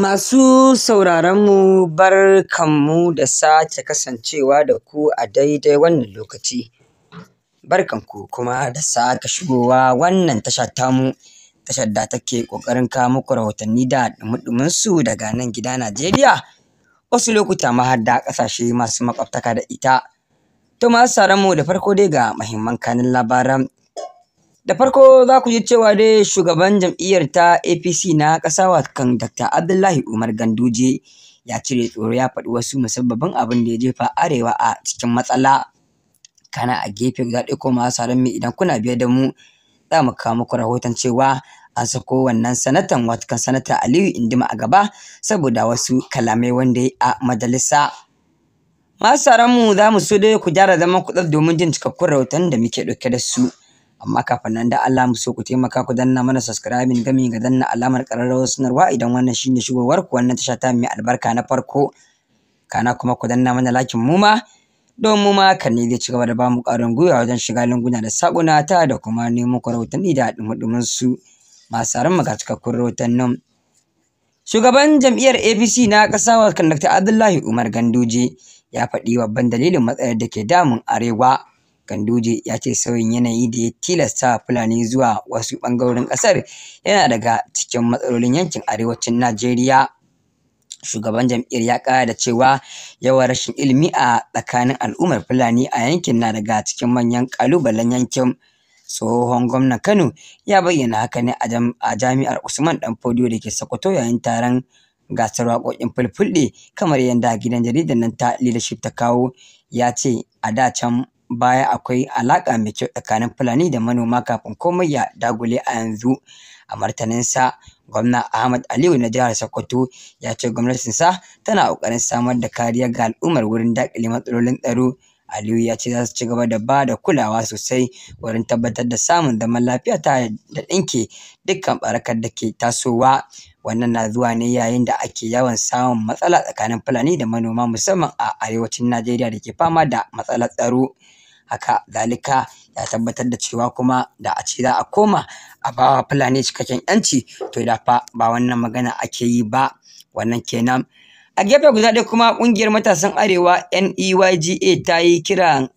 Masu sauraronmu barkanmu da sake kasancewa da ku a daidai wannan lokaci. Barkanku kuma da sake shigowa wannan tasha tamu, tashar da take ƙoƙarin kawo muku rahotanni da ɗumi daga nan gida Najeriya, wasu lokuta ma har da ƙasashe masu maƙwabtaka da ita. To masu sauraronmu da farko dai ga muhimman kanin labaran. da farko za ku ji cewa dai shugaban jam'iyyar ta apc na ƙasa watakan dr abdullahi umar ganduje ya cire tsoro ya faɗi wasu musabbabin abin da ya jefa arewa a cikin matsala kana a gefe guda ɗaya koma salon mu idan kuna biye da mu za mu kawo muku rahoton cewa an sako wannan sanatan watakan sanata aliyu indima a gaba saboda wasu kalamai wanda ya a majalisa masu tsaronmu za mu so dai ku gyara zaman kuɗar domin jin cikakkun rahoton da muke ɗauke da su amma kafin nan da Allah mu so ku taimaka ku danna mana subscribing gami ga danna alamar ƙararrawar sanarwa idan wannan shine shigowar ku wannan tasha ta mai albarka na farko kana kuma ku danna mana lakin mu ma don mu ma kan ne zai ci gaba da bamu ƙarin gwiwa wajen shiga lunguna da saƙuna ta da kuma nemo ku rahotanni da dumudumin su masu harin maga cikakkun rahotannin. Shugaban jam'iyyar APC na ƙasa wa Dr. Abdullahi Umar Ganduje ya faɗi babban dalilin matsayar da ke damun Arewa. Ganduje ya ce sauyin yanayi da ya tilasta Fulani zuwa wasu ɓangarorin ƙasar yana daga cikin matsalolin yankin arewacin Najeriya. Shugaban jam'iyyar ya ƙara da cewa yawan rashin ilimi a tsakanin al'ummar Fulani a yankin na daga cikin manyan ƙalubalen yankin. Tsohon gwamnan Kano ya bayyana haka ne a jami'ar Usman fodio da ke Sokoto yayin taron gasar waƙoƙin Fulfulde kamar yadda gidan jaridar nan ta Leadership ta kawo ya ce a da can baya akwai alaƙa mai kyau tsakanin Fulani da manoma kafin komai ya dagule a yanzu. A martaninsa, gwamna Ahmad Aliyu na jihar Sokoto ya ce gwamnatinsa tana ƙoƙarin samar da kariya ga al'ummar wurin daƙile matsalolin tsaro. Aliyu ya ce za su ci gaba da bada kulawa sosai wurin tabbatar da samun zaman lafiya ta da ɗinke dukkan ɓarakar da ke tasowa. Wannan na zuwa ne yayin da ake yawan samun matsala tsakanin Fulani da manoma musamman a arewacin Najeriya da ke fama da matsalar tsaro. haka dalika ya tabbatar da cewa kuma da a ce za a koma a bawa fulani cikakken yanci to da fa ba wannan magana ake yi ba wannan kenan a gefe guda ɗaya kuma ƙungiyar matasan arewa neyga ta yi kira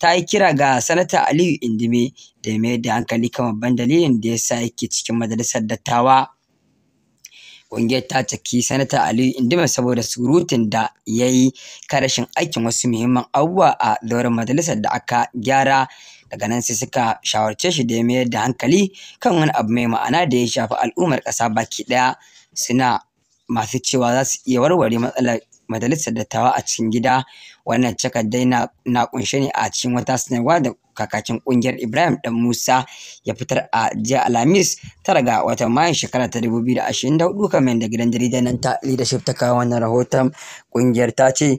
ta yi kira ga sanata aliyu indime da mai da hankali kan babban dalilin da ya sa yake cikin majalisar dattawa ƙungiyar ta caki sanata aliyu indima saboda surutun da ya yi rashin aikin wasu muhimman abubuwa a lauren majalisar da aka gyara daga nan sai suka shawarce shi da ya mayar da hankali kan wani abu mai ma'ana da ya shafi al'ummar ƙasa baki ɗaya suna masu cewa za su iya warware matsalar majalisar tawa a cikin gida wannan cakar dai na kunshe ne a cikin wata sanarwa da kakakin kungiyar Ibrahim Dan Musa ya fitar a jiya Alhamis tara ga watan Mayun shekara ta 2024 kamar da gidan jaridar nan ta leadership ta kawo wannan rahoton kungiyar ta ce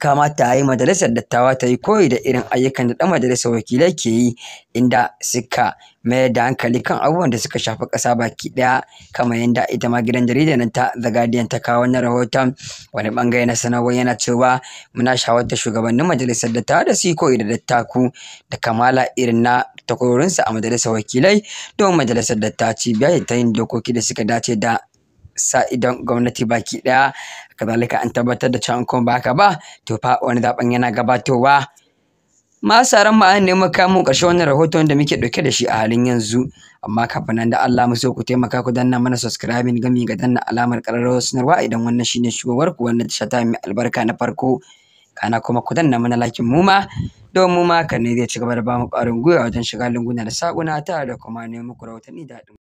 kamata a yi majalisar dattawa ta yi koyi da irin ayyukan da ɗan majalisar wakilai ke yi inda suka mayar da hankali kan abubuwan da suka shafi ƙasa baki ɗaya kamar yadda ita ma gidan jaridar nan ta The Guardian ta kawo wannan rahoton wani bangare na sanarwar yana cewa muna da shugabannin majalisar dattawa da su yi koyi da dattaku da kamala irin na takwarorinsa a majalisar wakilai don majalisar dattawa cibiya ta yin dokoki da suka dace da sa idan gwamnati baki ɗaya kazalika an tabbatar da cewa kuma ba haka ba to fa wani zaben yana gabatowa Ma saran mu an nemi kamu karshe wannan rahoton da muke ɗauke da shi a halin yanzu amma kafin nan da Allah mu so ku taimaka ku danna mana subscribing gami ga danna alamar ƙararrawar sanarwa idan wannan shine shugabar ku wannan mai albarka na farko kana kuma ku danna mana lakin mu ma don mu ma kan ne zai ci gaba da mu ƙwarin gwiwa wajen shiga lunguna da saƙuna tare da kuma nemi ku rahotanni da